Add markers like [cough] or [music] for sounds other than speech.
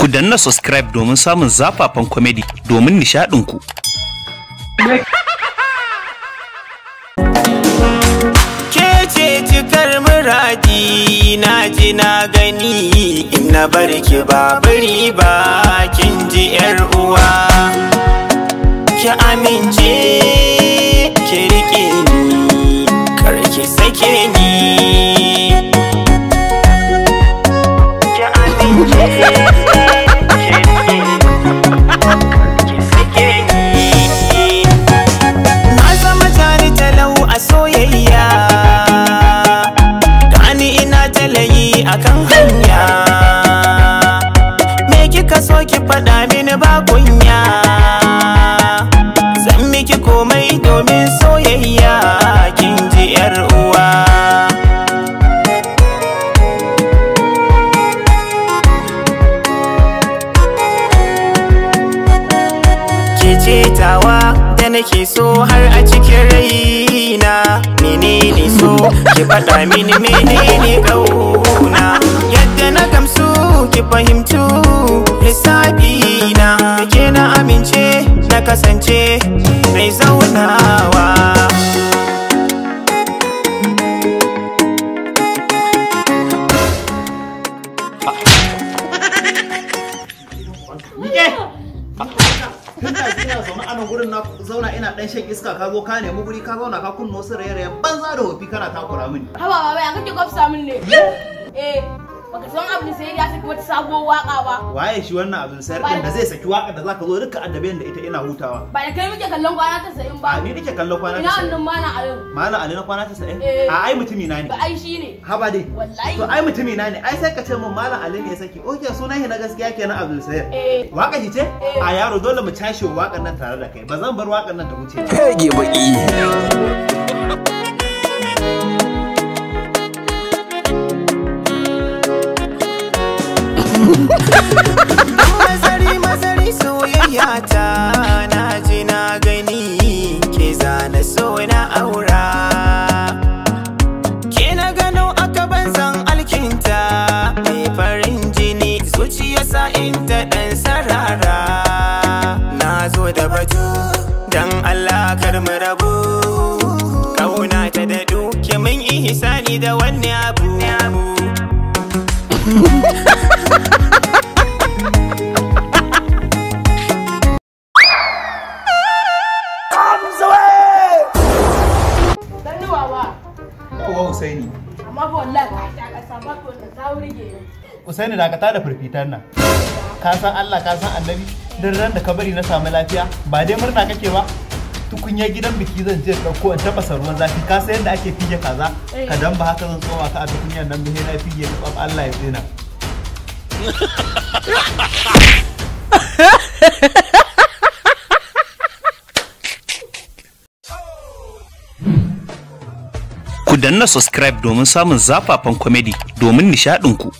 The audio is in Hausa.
ku danna subscribe domin samun zafafan comedy domin nishadinku. Kece cikar muradi na ji na gani ina barki ba bari ba kin ji yar uwa ki amince ki rike ni karki sake ni soyayya Gani ina talayi akan hanya Me kika so ki faɗa mini ba kunya Zan miki komai domin soyayya kinji yar uwa Kije tawa nake so har a cikin raina menene so ki faɗa mini menene ƙauna yadda na gamsu ki fahimtu lissafi na ke na amince na kasance mai zaunawa Yeah. [laughs] tun da kina zaune a gurin na zauna ina dan shan iska ka zo ka nemi guri ka zauna ka kunno su raye-raye banza da wofi kana takura mini haba baba ya kake gwabsa min ne eh baka san abin sai ya saki wata sabuwar waka ba waye shi wannan abin sayar din da zai saki waka da zaka zo duka addabe da ita ina hutawa ba da kai muke kallon kwana ta sayin ba ni nake kallon kwana ta sayin ina annan mana ayo mana ali na kwana ta sayin eh. a ai mutumi na ne ba ai shine ha ba dai wallahi to ai mutumi na ne ai sai ka ce min malam ali ne ya saki oke sunan shi na gaskiya kenan abin sayar eh. waka shi ce eh. a yaro dole mu tashi wakan nan tare da kai ba zan bar wakan nan ta wuce ba baki Mazari mazari soyayya ta na ji na gani ke zana so na aura Ke na gano aka banzan alkinta mai farin jini zuciyarsa in ta ɗan sarara Na zo da batu dan Allah kar mu rabu Kauna ta daɗu ke min ihisani da wani abu Usaini. Amma ba wallahi ka ta ko ta da zaurige. Usaini da ka tada furfitar nan. Ka san Allah ka san Annabi duk ran da ka bari na samu lafiya ba dai murna kake ba tukunya gidan biki zan je ɗauko in tafasa ruwan zafi ka san yadda ake fige kaza eh. ka dan ba haka zan tsoma ka a tukunyar nan bihe na fige ka Allah ya tsina. [laughs] na subscribe domin samun zafafan kwamedi domin ku.